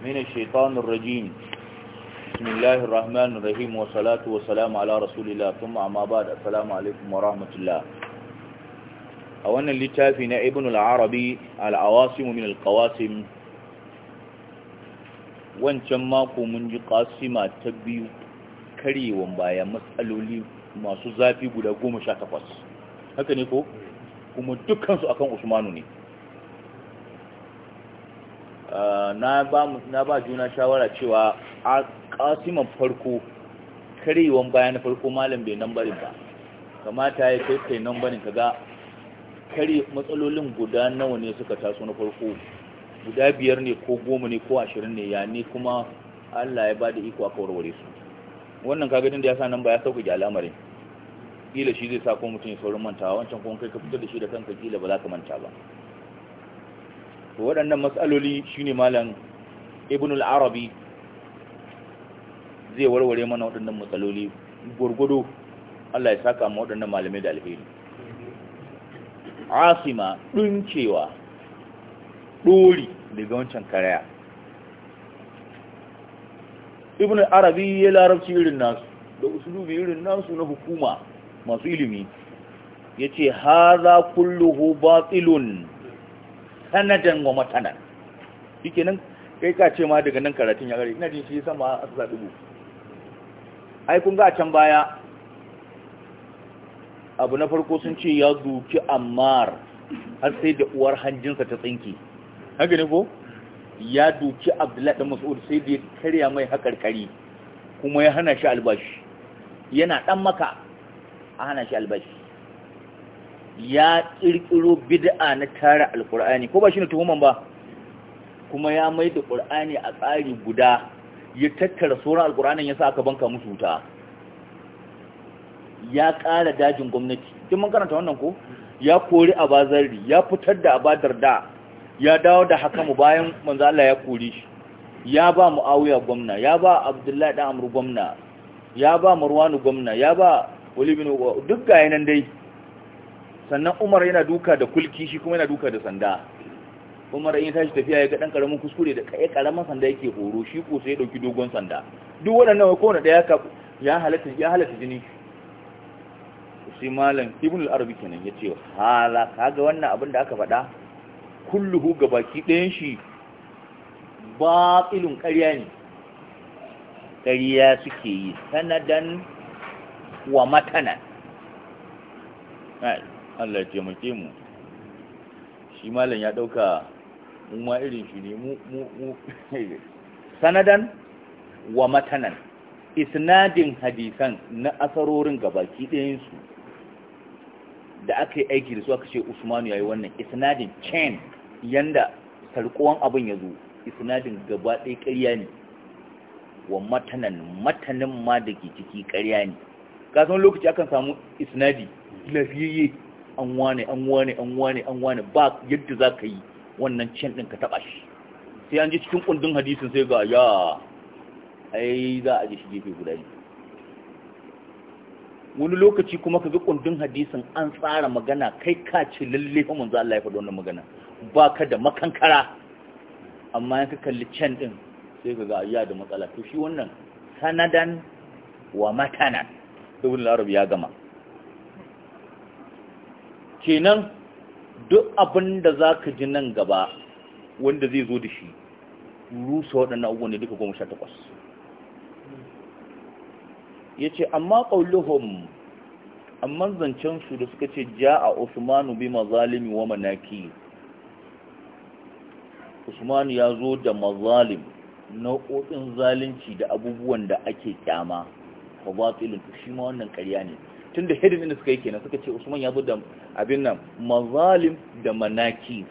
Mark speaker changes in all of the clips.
Speaker 1: من الشيطان الرجيم بسم الله الرحمن الرحيم والصلاة والسلام على رسول الله ثم أما بعد السلام عليكم ورحمة الله أولا لتافنا ابن العربي العواصم من القواسم wancan mako mun ji kasima ta biyu karyewan baya matsaloli masu zafi guda goma sha takwas haka ne ko kuma dukansu akan usmanu ne Eh, na ba juna shawara cewa a ƙasimin farko karewan baya na farko malam bai nan barin ba kamata ya kai kai nan barin ka ga. kare matsalolin guda nawa ne suka taso na farko guda biyar ne ko goma ne ko ashirin ne ya ne kuma allah ya ba da iko aka warware su wannan kagadin da ya sa nan ba ya ga al'amarin kila shi zai sa ko mutum ya saurin mantawa wancan kuma kai ka fitar da shi da kanka kila ba za ka manta ba to waɗannan matsaloli shine malam ibn al’arabi arabi zai warware mana waɗannan matsaloli gurgudu Allah ya saka ma waɗannan malamai da alheri asima cewa ɗori daga wancan karaya ibn arabi ya larabci irin nasu da usulubi irin nasu na hukuma masu ilimi ya ce haza kulluhu batilun sanadan wa matanan shike nan kai ka ce ma daga nan karatun ya gare ina jin shi sama a sa dubu ai kun ga can baya abu na farko sun ce ya duki ammar har sai da uwar hanjinsa ta tsinki haka ne ko ya duki abdullahi da mas'ud sai da ya karya mai hakarkari kuma ya hana shi albashi yana dan maka a hana shi albashi ya ƙirƙiro bid'a na tara Alƙur'ani, ko ba shi ne tuhuman ba kuma ya mai da ƙur'ani a tsari guda ya tattara sauran Alƙur'ani ya sa aka banka musu wuta ya ƙara dajin gwamnati kin mun karanta wannan ko ya kori a abazarri ya fitar da abadar da ya dawo da haka mu bayan manzo Allah ya kori shi ya ba muawiya gwamna ya ba abdullahi dan amru gwamna ya ba marwanu gwamna ya ba wali bin duk ga yanan dai sannan umar yana duka da kulki shi kuma yana duka da sanda umar in ya tashi tafiya ya ga dan karamin kuskure da kai karamin sanda yake horo shi ko sai ya dauki dogon sanda duk waɗannan wai kowane daya ka ya halatta jini sai malam ibn al-arabi kenan yace hala kaga wannan abin da aka faɗa kulluhu gabaki ɗayan shi batilun ƙarya ne ƙarya suke yi sanadan wa matanan Allah ya taimake mu shi malam ya dauka mu ma irin shi ne mu mu sanadan wa matanan isnadin hadisan na asarorin gabaki ɗayan su da aka yi aiki da su aka ce Usmanu yayi wannan isnadin chain yanda sarkuwan abin ya zo isnadin gaba ɗaya ƙarya ne wa matanan matanin ma da ke ciki ƙarya ne san lokaci akan samu isnadi lafiyayye an wane an wane an wane an wane ba yadda za ka yi wannan cin ɗin ka taɓa shi sai an ji cikin ƙundin hadisin sai ga ya ai za a ji shi gefe guda ne wani lokaci kuma ka ga kundin hadisin an tsara magana kai ka ce lalle fa manzo Allah ya faɗi wannan magana ba ka da makankara amma in ka kalli can ɗin, sai ka ga ya da matsala to shi wannan sanadan wa matanan ibn ya gama kenan duk abin da za ka ji nan gaba wanda zai zo da shi rusa waɗannan abubuwan ne duka goma sha takwas ya ce amma ƙaunuhun amma zancensu da suka ce ja a usmanu bi mazalimi wa manaki usmanu ya zo da mazalim nau'o'in zalunci da abubuwan da ake kyama ba ba shi ma wannan ƙarya ne tun da hedin inda suka yi kenan suka ce usman ya zo da abin nan mazalim da manaki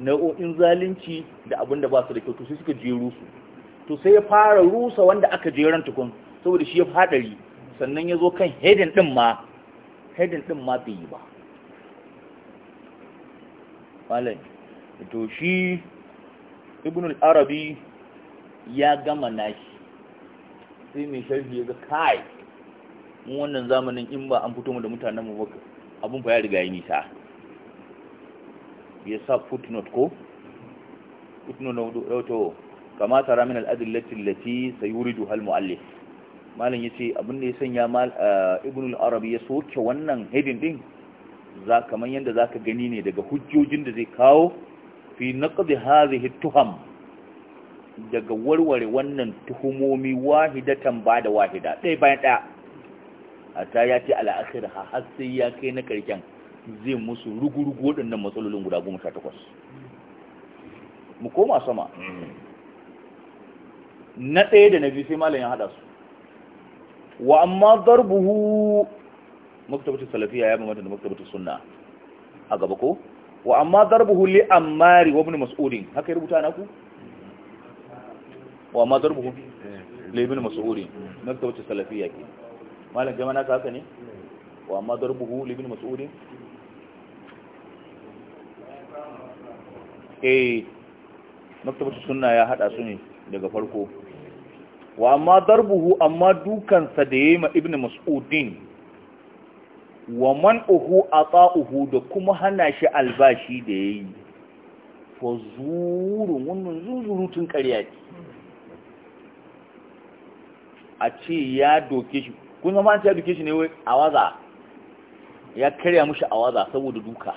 Speaker 1: nau'o'in zalunci da abin da ba su da kyau to sai suka je rusu to sai ya fara rusa wanda aka jeran tukun saboda shi ya fadari sannan ya zo kan hedin din ma hedin din ma bai yi ba malam to shi ibn arabi ya gama nashi sai mai sharhi ya ga kai mun wannan zamanin in ba an fito mu da mutanen mu ba abun fa ya riga yi nisa ya sa footnote ko footnote wato kama tara min al-adillati allati sayuriduha al-muallif malam yace abin da ya sanya mal eh, ibn al-arabi ya soke wannan heading din za kaman yanda zaka gani ne daga hujjojin da zai kawo fi naqdi hadhihi tuham daga warware wannan tuhumomi wahidatan ba da wahida ɗaya bayan ɗaya ta ya ce al'akhir har sai ya kai na karken zai musu rugurugu waɗannan matsalolin guda goma sha takwas mu koma sama na ɗaya da na biyu sai malam ya haɗa su wa amma zarbuhu maktabatu salafiya ya bambanta da maktabatu sunna a gaba ko wa amma zarbuhu li ammari wa ibn mas'udin haka rubuta naku wa amma zarbuhu eh. li ibn mas'udin maktabatu salafiya ke malam kai na haka ne wa amma buhu libin mas'udin eh maktabatu sunna ya hada su ne daga farko wa amma darbuhu amma dukansa da yayi ma ibnu mas'udin wa man'uhu ata'uhu da kuma hana shi albashi da yayi fa zurun wannan zuzurutun ƙarya ce a ce ya doke shi kun zama an ta duke shi ne wai a waza ya karya mushi a waza saboda duka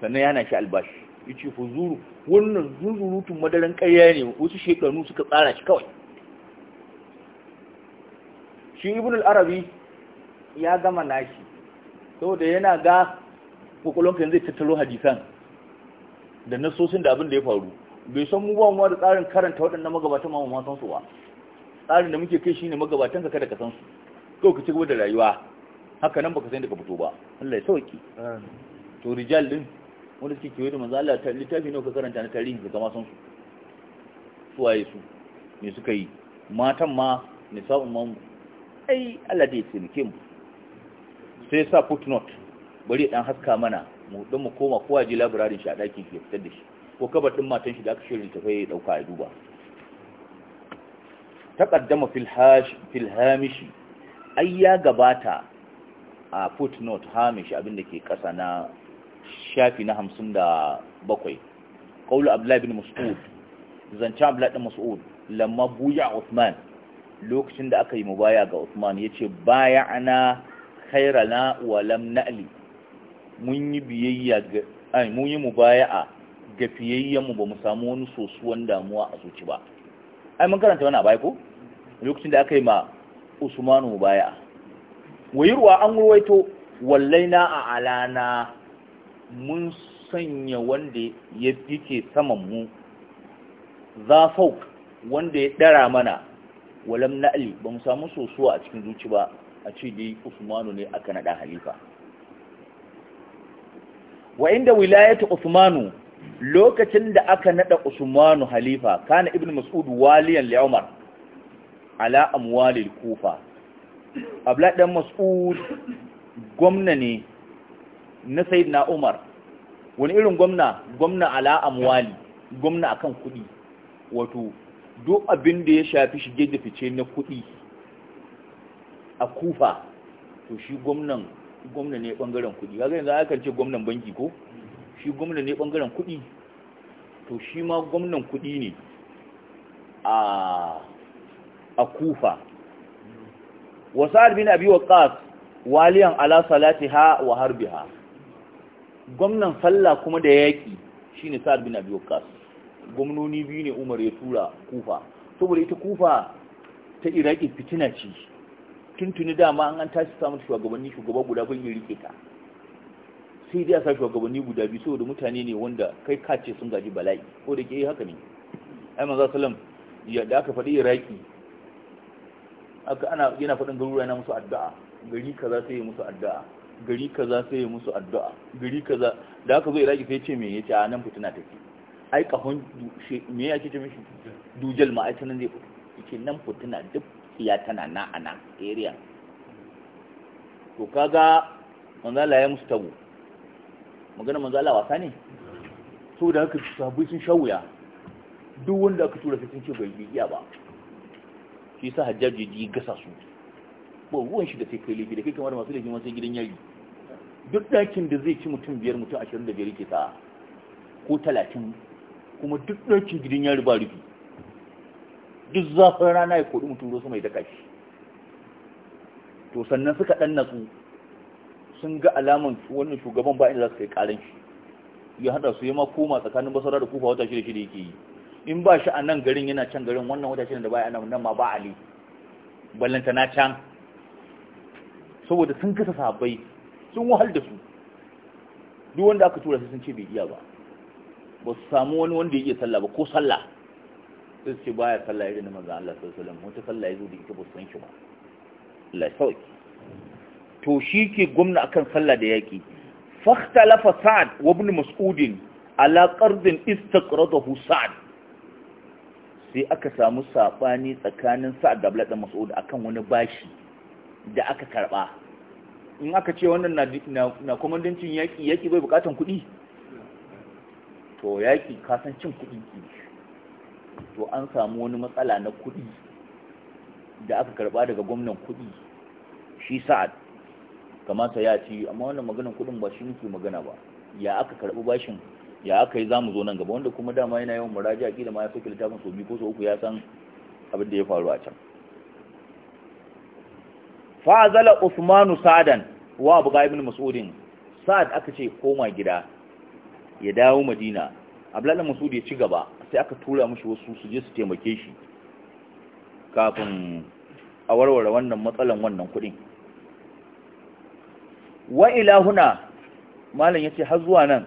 Speaker 1: sannan yana shi albashi ya ce fa zuru wannan zuzurutun madaran ƙarya ne wasu shekaru suka tsara shi kawai shi ibn al-arabi ya gama nashi saboda yana ga kwakwalonka zai tattaro hadisan da nasosin da abin da ya faru bai san mu ba mu da tsarin karanta waɗannan magabatan mamu masan su ba tsarin da muke kai shine magabatan ka kada ka san su kawai ka ci gaba da rayuwa haka nan baka san da ka fito ba Allah ya sauki to rijal din wanda suke kewaye da manzo Allah ta littafi ne ka karanta na tarihi ka gama san su su waye su me suka yi matan ma ne sa'un ma ai Allah da ya tsinke mu sai sa footnote bari dan haska mana mu dan mu koma kowa ji labirarin shi a dakin shi ya fitar da shi ko kabar din matan shi da aka shirin tafai ya dauka ya duba taqaddama fil hash fil ai ya gabata a footnote hamish abinda ke kasa na shafi na 57 qaulu abdullah bin mas'ud zance abdullah bin mas'ud lamma buya uthman lokacin da aka yi mubaya ga usman yace baya'ana khairana wa lam na'li mun yi biyayya ga ai mun yi mubaya'a ga fiyayyan mu ba mu samu wani sosuwan damuwa a zuci ba ai mun karanta wani abai ko lokacin da aka yi ma usmanu baya ruwa an ruwaito wallaina a alana mun sanya wanda ya fike saman mu za fauk wanda ya dara mana walam na'li ba mu samu sosuwa a cikin zuci ba a ce dai usmanu ne aka naɗa halifa wa inda wilayatu usmanu lokacin da aka naɗa usmanu halifa kana Ibn mas'ud waliyan li ala amwalil kufa abdullahi dan mas'ud gwamna ne na sayyidina umar wani irin gwamna gwamna ala amwali gwamna akan kuɗi wato duk abin da ya shafi shige da fice na kuɗi a kufa to shi gwamnan gwamna ne bangaren kuɗi kaga yanzu aka ce gwamnan banki ko shi gwamna ne bangaren kuɗi to shi ma gwamnan kuɗi ne a a kufa wa sa'ad bin abi ƙas. waliyan ala ha wa ha gwamnan sallah kuma da yaki shine sa'ad bin abi ƙas. gwamnoni biyu ne umar ya tura kufa saboda ita kufa ta iraki fitina ce tuntuni dama an an tashi samun shugabanni shugaba guda bai rike ta sai dai a sa shugabanni guda biyu saboda mutane ne wanda kai kace sun gaji bala'i ko da ke yi haka ne ai manzo sallam ya da aka faɗi iraki aka ana yana faɗin garuruwa yana musu addu'a gari kaza sai ya musu addu'a gari kaza sai ya musu addu'a gari kaza da aka zo iraki sai ce me yace a nan fitina take ai kahon me yake ce mishi dujal ma ai nan zai fito yace nan fitina duk ya tana na ana area to kaga manzala ya musu tabo magana manzala wasa ne so da haka sabu sun shawuya duk wanda aka tura sai sun ce bai iya ba shi sa hajjaji ji gasa su ba ruwan shi da ta kai laifi da kai kamar masu laifin wasu gidan yari duk ɗakin da zai ci mutum biyar mutum ashirin da biyar ke sa ko talatin kuma duk ɗakin gidan yari ba rufi duk zafin rana ya koɗi mutum rosa mai daka shi to sannan suka ɗan natsu sun ga alaman wannan shugaban ba inda za su kai ƙarin shi ya haɗa su ya ma koma tsakanin basara da kufa wata shida shida yake yi in ba shi a nan garin yana can garin wannan wata shi da baya a nan ma ba ali ballanta na can saboda sun kasa sabai sun wahal da su duk wanda aka tura su sun ce bai iya ba ba su samu wani wanda ya iya sallah ba ko sallah sai su ce baya sallah irin manzon Allah sallallahu alaihi wata sallah zo da ita ba su san shi ba Allah ya to shi ke gwamna akan sallah da yaki fakhtalafa sa'ad wa ibn mas'ud ala qardin istaqradahu sa'ad sai aka samu saɓani tsakanin sa'ad da abdullahi dan mas'ud akan wani bashi da aka karɓa in aka ce wannan na kwamandancin yaƙi yaƙi bai buƙatan kuɗi to yaƙi san cin kuɗi to an samu wani matsala na kuɗi da aka karɓa daga gwamnan kuɗi shi sa'ad kamata ya ci amma wannan maganan kuɗin ba shi muke magana ba ya aka karɓi bashin ya aka yi zamu zo nan gaba wanda kuma dama yana yawan muraji muraja da ma ya fi littafin so biyu ko su uku ya san abin da ya faru a can fa'azala usmanu sadan wa abu ga'ibin mas'udin sa'ad aka ce koma gida ya dawo madina abdullahi masudi ya ci gaba sai aka tura mashi wasu su je su taimake shi kafin a warware wannan matsalan wannan kudin wa huna malam ya ce har zuwa nan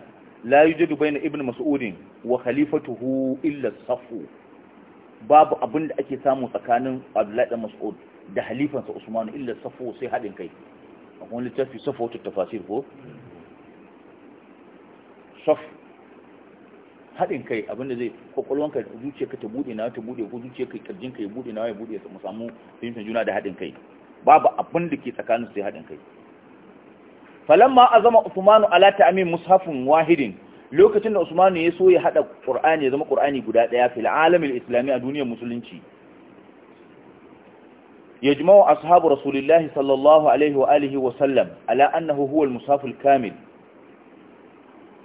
Speaker 1: la yujadu na ibn mas'udin wa khalifatuhu illa safu babu abin da ake samu tsakanin abdullahi dan mas'ud da halifansa usman illa safu sai hadin kai akwai littafi safu ta tafasir ko saf hadin kai abin da zai zuciya ka ta bude na ta bude ko zuciya zuciyarka ka ya bude na ya bude ya samu fahimtar juna da hadin kai babu abin da ke tsakanin sai hadin kai falamma azama usmanu ala ta'min mushafin wahidin lokacin da usmanu ya so ya hada qur'ani ya zama qur'ani guda daya fil alamil islami a duniyar musulunci Ya أصحاب رسول الله صلى الله عليه وآله وسلم على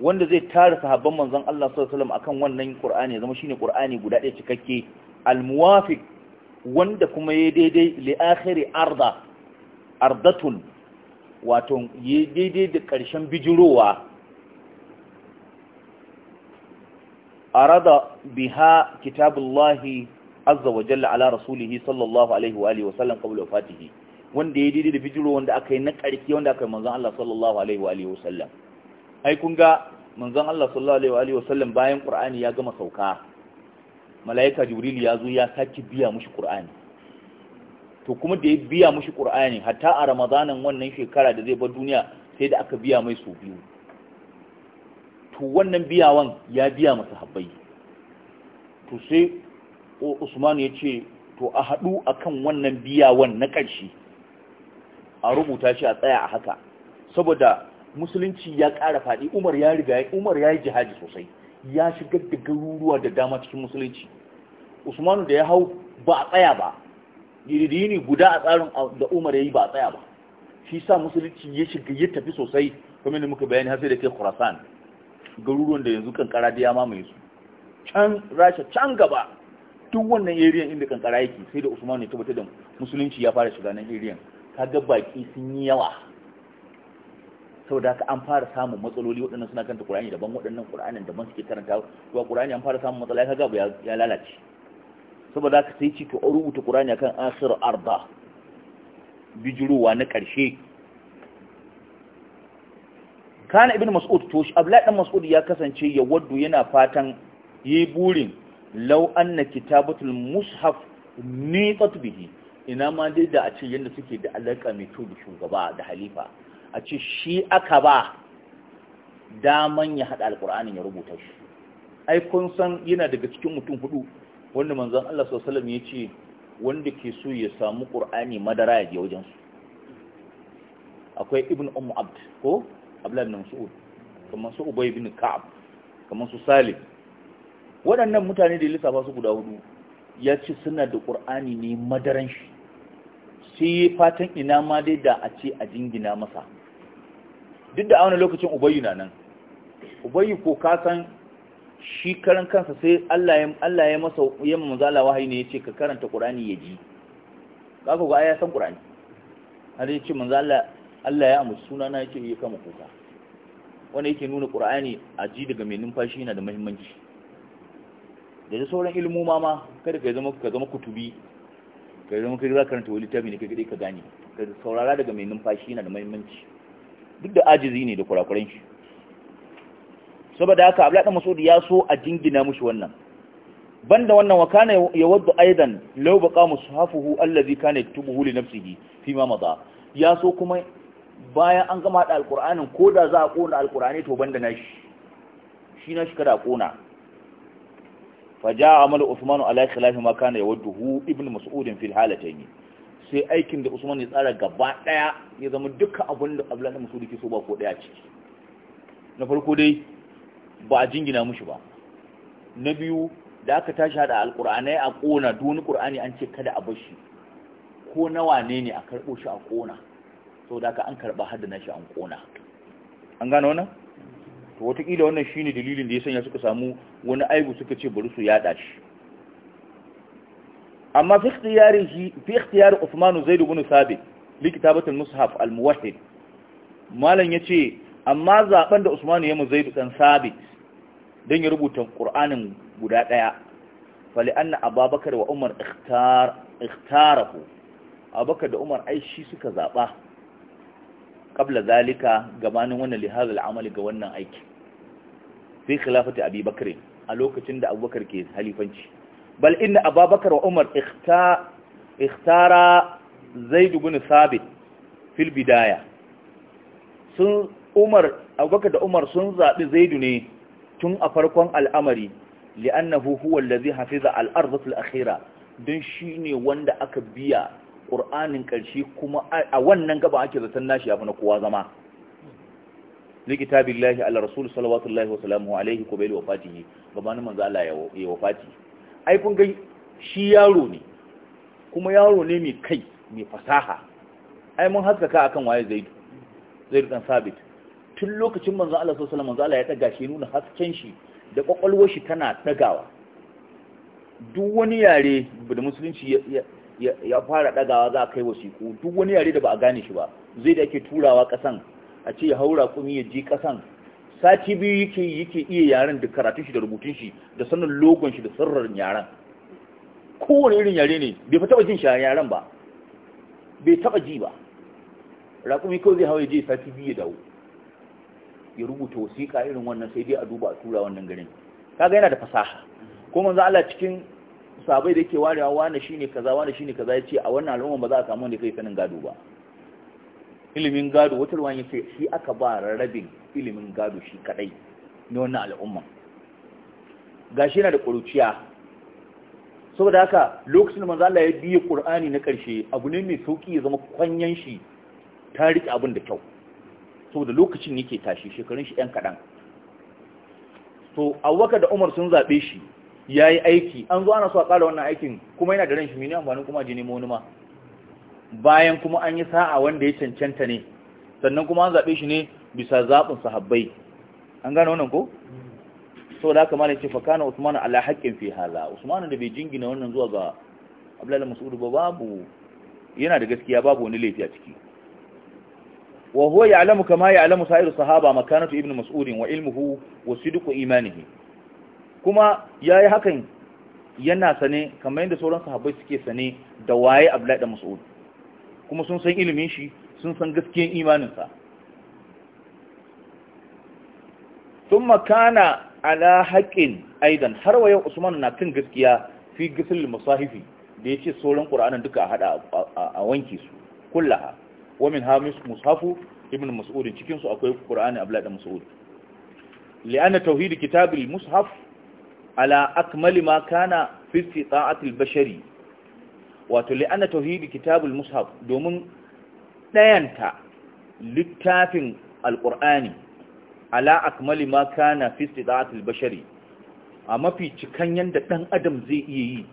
Speaker 1: wanda zai tara sahabban manzon Allah sallallahu alaihi wasallam akan wannan Qur'ani zama shine Qur'ani guda ɗaya cikakke al-muwafiq wanda kuma yayi daidai li akhiri arda ardatun wato yi daidai da ƙarshen bijirowa a rada biha kitabullahi azza wa jalla ala rasulihi sallallahu alaihi wa alihi wa sallam fatihi wanda ya daidai da bijiro wanda aka yi na ƙarfi wanda aka yi manzon Allah sallallahu alaihi wa alihi wa sallam ga manzon Allah sallallahu alaihi wa bayan ƙur'ani ya gama sauka mala'ika Jibril ya zo ya saki biya mushi ƙur'ani. to kuma da ya biya mushi ƙur'ani, hatta a ramadanan wannan shekara da zai bar duniya sai da aka biya mai su biyu to wannan biyawan ya biya masa habbai to sai usman ya ce to a haɗu akan wannan biyawan na ƙarshe a rubuta shi a tsaya a haka saboda musulunci ya ƙara faɗi umar ya riga umar ya yi jihadi sosai ya shigar da garuruwa da dama cikin musulunci usmanu da ya hau ba a tsaya ba yini guda a tsarin da umar ya yi ba a tsaya ba shi sa musulunci ya shiga ya tafi sosai kuma da muka bayani har sai da ke khurasan garuruwan da yanzu kankara da ya mamaye su can rasha can gaba duk wannan area inda kankara yake sai da usman ya tabbatar da musulunci ya fara shiga nan area kaga baki sun yi yawa saboda haka an fara samun matsaloli waɗannan suna kanta Qur'ani daban waɗannan Qur'anin daban suke karanta wa Qur'ani an fara samun matsala kaga ya lalace saboda ka sai ci to an rubuta ƙur'ani akan akhir arda bijirowa na ƙarshe kana ibn mas'ud to shi abdullahi dan mas'ud ya kasance ya waddu yana fatan yi burin law anna kitabatul mushaf ni ina ma dai da a ce yadda suke da alaka mai kyau da shugaba da halifa a ce shi aka ba daman ya hada alqur'anin ya rubuta shi ai kun san yana daga cikin mutum hudu wanda manzon Allah sallallahu alaihi ya ce wanda ke so ya samu qur'ani madara ya je wajen su akwai ibn ummu abd ko abla ibn mas'ud kamar su ubay ibn ka'ab kamar su salih waɗannan mutane da lissafa su guda hudu ya ce suna da qur'ani ne madaran shi sai fatan ina ma dai da a ce a jingina masa duk da a wani lokacin ubayyu na nan ubayyu ko ka shi karan kansa sai Allah ya masa yamma manzala wahayi ne ya ce ka karanta ƙurani ya ji kaga ga ya san ƙurani har ya ce manzala Allah ya amsu sunana ya ce ya kama kuka wanda yake nuna ƙurani a ji daga mai numfashi yana da muhimmanci da da sauran ilmu ma ma kada ka zama ka zama kutubi ka zama kai za karanta wani littafi ne kai kadai ka gane ka saurara daga mai numfashi yana da muhimmanci duk da ajizi ne da kurakuran shi saboda haka ala da masudi ya so a jingina mushi wannan banda wannan wa kana yawaddu aidan law baqa mushafuhu allazi kana yaktubuhu li nafsihi fi ma madha ya so kuma bayan an gama da alqur'anin koda za a kona alqur'ani to banda nashi shi nashi kada kona faja amalu usmanu ala khilafi ma kana yawadduhu ibn mas'ud fi sai aikin da usman ya tsara gaba daya ya zama duka abin da abdullahi mas'ud ke so ba ko daya ciki na farko dai ba a jingina mushi ba na biyu da aka tashi hada alkur'anai a kona duni qur'ani an ce kada a bashi ko nawa ne ne a karbo shi a kona da haka an karba hada na shi an kona an gane wannan to wataƙila wannan shine dalilin da ya sanya suka samu wani aibu suka ce bari su yaɗa shi amma fi ikhtiyarihi fi ikhtiyar Uthman Zaid ibn Thabit li kitabatul mushaf al-muwahhid yace amma zaben da usmanu ya zai dan sabit don ya rubuta ƙur'anin guda ɗaya fali anna ababakar wa umar ikhtarahu abubakar da umar aishi suka zaɓa ƙabla zalika gabanin wannan lihazal amali ga wannan aiki fi khilafati abubakar a lokacin da abubakar ke halifanci bal inna ababakar wa umar ikhtara zaidu bin sabit fil bidaya sun umar abubakar da umar sun zaɓi zaidu ne tun a farkon al'amari li'annahu huwa allazi hafiza al fil akhirah don shine wanda aka biya ƙur'anin ƙarshe kuma a wannan gaba ake zaton nashi abu na kowa zama likita kitabillahi ala rasul alaihi wa alaihi ko bai wafatihi gaban manzo Allah ya wafati ai kun ga shi yaro ne kuma yaro ne mai kai mai fasaha ai mun haskaka akan waye zaidu zaidu dan sabit tun lokacin manzo Allah sallallahu alaihi wasallam manzo Allah ya daga shi nuna hasken shi da kwakwalwar shi tana dagawa duk wani yare da musulunci ya fara dagawa za a kai wasiku duk wani yare da ba a gane shi ba zai da ake turawa kasan a ce ya haura kuma ya ji kasan sati biyu yake yake iya yaren da karatun shi da rubutun shi da sanin logon shi da sirrin yaren kowane irin yare ne bai fa taba jin shi yaren ba bai taba ji ba raƙumi kawai zai hawa ya je sati biyu ya dawo ya rubuta wasiƙa irin wannan sai dai a duba a tura wannan garin kaga yana da fasaha ko manzo Allah cikin sabai da yake warewa wani shine kaza wani shine kaza yace a wannan al'umma ba za a samu wanda kai sanin gado ba ilimin gado wata ruwan yace shi aka ba rarrabin ilimin gado shi kadai na wannan al'umma gashi yana da kuruciya saboda haka lokacin manzo Allah ya biye Qur'ani na karshe abu ne mai sauki ya zama kwanyan shi ta rike abin da kyau saboda lokacin yake tashi shekarun shi ɗan kaɗan to abubakar da umar sun zaɓe shi ya yi aiki an zo ana so a ƙara wannan aikin kuma yana da ran shi mini amfanin kuma je nemo wani ma bayan kuma an yi sa'a wanda ya cancanta ne sannan kuma an zaɓe shi ne bisa zaɓin sahabbai an gane wannan ko sau da haka ma ce fakana usman ala haƙƙin fi hala usman da bai jingina wannan zuwa ga abdullahi mas'ud ba babu yana da gaskiya babu wani laifi a ciki wa huwa ya'lamu kama ya'lamu sa'iru sahaba makanatu ibnu mas'udin wa ilmuhu wa sidqu imanihi kuma yayi hakan yana sane kamar yadda sauran sahabbai suke sane da waye Abdullahi da Mas'ud kuma sun san ilimin shi sun san gaskiyar imanin sa thumma kana ala haqqin aidan har wa Usman na kan gaskiya fi gisl musahifi da yace sauran Qur'anin duka a hada a wanki su kullaha wa min hamis mushafu ibn mas'ud cikin su akwai qur'ani a da mas'ud li'anna tauhid kitab al-mushaf ala akmal ma kana fi bashari wato li'anna tauhid kitab al-mushaf domin dayanta littafin Alƙur'ani, ala akmal ma kana fi bashari a mafi cikan yanda dan adam zai iya yi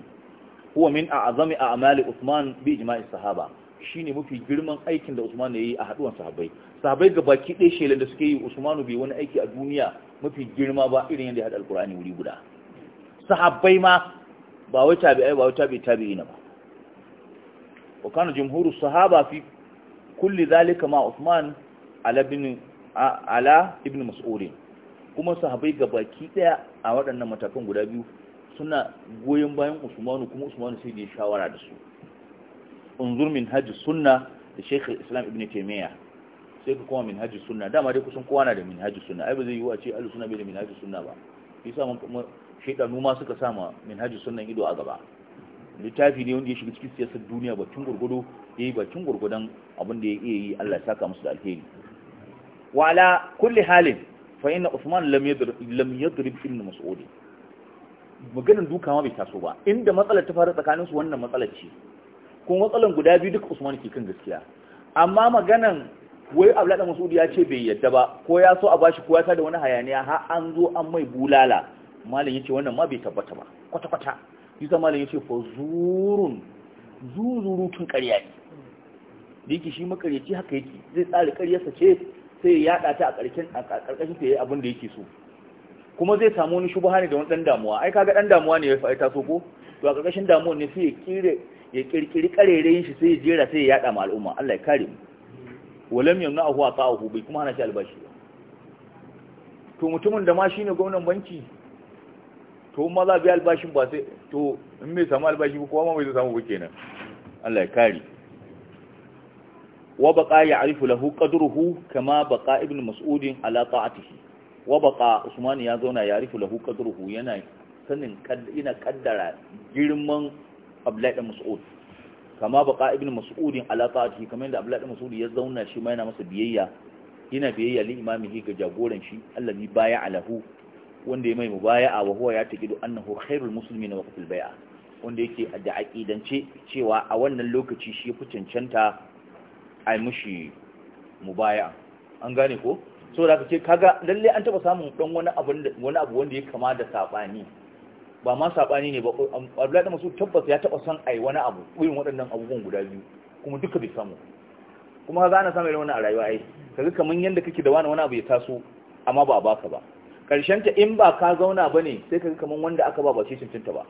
Speaker 1: huwa min a'zami a'mali Uthman bi ijma'i sahaba shine mafi girman aikin da Usman ya yi a haduwan sahabbai sahabbai baki ɗaya shelan da suke yi Usmanu bai wani aiki a duniya mafi girma ba irin yadda ya haɗa alƙur'ani wuri guda sahabbai ma ba wai tabi'ai ba wai tabi'i tabi'i na ba wa kana jumhurus sahaba fi kulli zalika ma Usman ala ibn ala ibn mas'ud kuma sahabbai baki ɗaya a waɗannan matakan guda biyu suna goyon bayan Usmanu kuma Usmanu sai da ya shawara da su unzur min hajji sunna da shekul islam ibn taimiyya sai ka kuma min hajji sunna dama dai kusan kowa na da min hajji sunna ai ba zai yi wa ce alu suna bai da min hajji sunna ba shi sa shaidanu ma suka sama min hajji sunnan ido a gaba littafi ne wanda ya shiga cikin siyasar duniya bakin gurgudu ya yi bakin gurgudan abin da ya iya yi allah saka musu da alheri wala kulli halin fa inna usman lam yadrib ibn mas'ud maganin duka ma bai taso ba inda matsalar ta faru tsakaninsu wannan matsalar ce kuma matsalan guda biyu duka Usman ke kan gaskiya amma maganan wai Abdullahi Mas'ud ya ce bai yadda ba ko ya so a bashi ko ya sa da wani hayaniya har an zo an mai bulala malam yace wannan ma bai tabbata ba kwata kwata Yusa malam yace fa zurun zuzurutun ƙarya ne da yake shi makaryaci haka yake zai tsare ƙaryarsa ce sai ya yada ta a ƙarƙashin a ƙarƙashin ta yayi abin da yake so kuma zai samu wani shubha ne da wani dan damuwa ai kaga dan damuwa ne ya fa ta so ko to a ƙarƙashin damuwa ne sai ya kire ya kirkiri karerayin shi sai ya jera sai ya yada ma al'umma Allah ya kare mu walam yamna ahu wa ta'ahu bai kuma hana shi albashi ba to mutumin da ma shine gwamnan banki to ma za bi albashin ba sai to in bai samu albashi ba ma bai samu ba kenan Allah ya kare wa baqa ya'rifu lahu qadruhu kama baqa ibn mas'ud ala ta'atihi wa baqa usman ya zauna ya'rifu lahu qadruhu yana sanin ina kaddara girman abdullahi dan mas'ud kama baka ibn mas'udin ala ta'atihi kamar yadda abdullahi dan mas'ud ya zauna shi ma yana masa biyayya yana biyayya li imamihi ga jagoran shi allazi baya alahu wanda ya mai mubaya'a wa huwa ya taqidu annahu khairul muslimin wa qatil baya wanda yake da aqidance cewa a wannan lokaci shi fi cancanta ai mushi mubaya'a an gane ko saboda kace kaga lalle an taba samun dan wani abu wani abu wanda ya kama da sabani ba ma sabani ne ba Abdullahi da masu tabbas ya taba san ai wani abu irin waɗannan abubuwan guda biyu kuma duka bai samu kuma ka zana samu irin wani a rayuwa ai kaga kaman yanda kake da wani abu ya taso amma ba a baka ba karshen ta in ba ka zauna bane sai kaga kaman wanda aka ba ba ce cincinta ba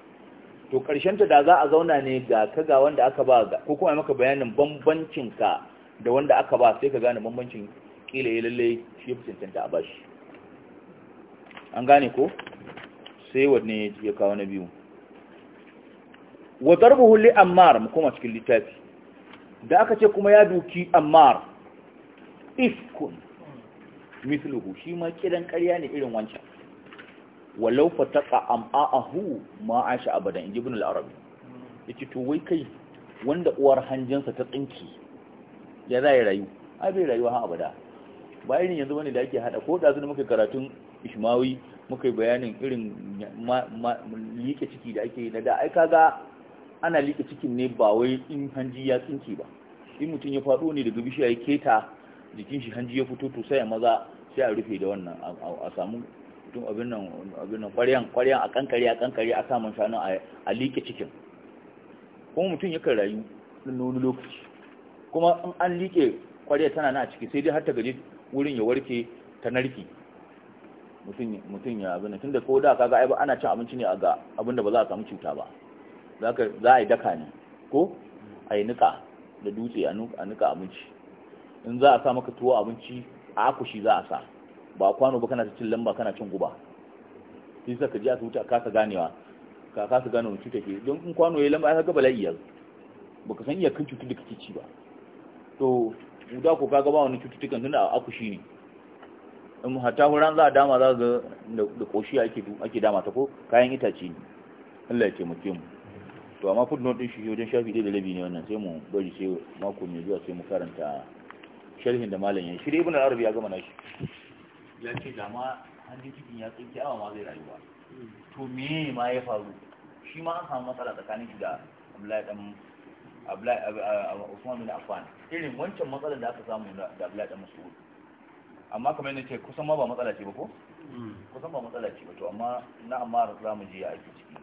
Speaker 1: to karshen ta da za a zauna ne ga ka ga wanda aka ba ga ko kuma maka bayanin bambancin ka da wanda aka ba sai ka gane bambancin kila ya lalle shi cincinta a bashi an gane ko sai wanne ya kawo na biyu wa darbuhu li ammar mu koma cikin littafi da aka ce kuma ya duki ammar ifkun mithluhu shi ma kidan karya ne irin wancan walau fataqa am'ahu ma aisha abadan inji ibn al-arabi yace to wai kai wanda uwar hanjinsa ta tsinki ya zai rayu ai bai rayuwa abada bayan yanzu bane da ake hada ko da su muke karatun ishmawi muka yi bayanin irin liƙe ciki da ake yi na da ai kaga ana liƙe cikin ne ba wai in hanji ya tsinke ba in mutum ya faɗo ne daga bishiya ya keta jikin shi hanji ya fito to sai a maza sai a rufe da wannan a samu mutum abin nan abin nan a kankare a kankare a samun shanu a liƙe cikin kuma mutum yakan rayu na wani lokaci kuma in an liƙe ƙwarya tana na ciki sai dai har ta gaji wurin ya warke ta narki mutum ya abin tun da ko da kaga ai ba ana cin abinci ne a ga abin da ba za a samu cuta ba za a yi daka ne ko a yi nika da dutse a nika abinci in za a sa maka tuwo abinci a akushi za a sa ba kwano ba kana ta cin lamba kana cin guba shi sa ka ji asibiti a kasa ganewa ka kasa gane wani cuta ke don in kwano ya lamba ya ga bala'i yanzu baka san iyakan cutar da kake ci ba to guda ko kaga ba wani cututtukan tunda a akushi ne in hata huran za a dama za ga da koshi ake dama ta ko kayan itace ne Allah ya taimake mu to amma footnote din shi wajen shafi ɗaya da labi ne wannan sai mu bari sai mako mai zuwa sai mu karanta sharhin da malam ya shirye ibn al-arabi ya gama nashi ya ce da ma hanjin cikin ya tsinke awa ma zai rayuwa to me ma ya faru shi ma an samu matsala tsakanin shi da Abdullahi dan Abdullahi Usman bin Affan irin wancan matsalar da aka samu da Abdullahi dan Mas'ud amma kamar yadda ce kusan ma ba matsala ce ba ko hmm. kusan ba matsala ce ba to amma na amma za mu je ya ake ciki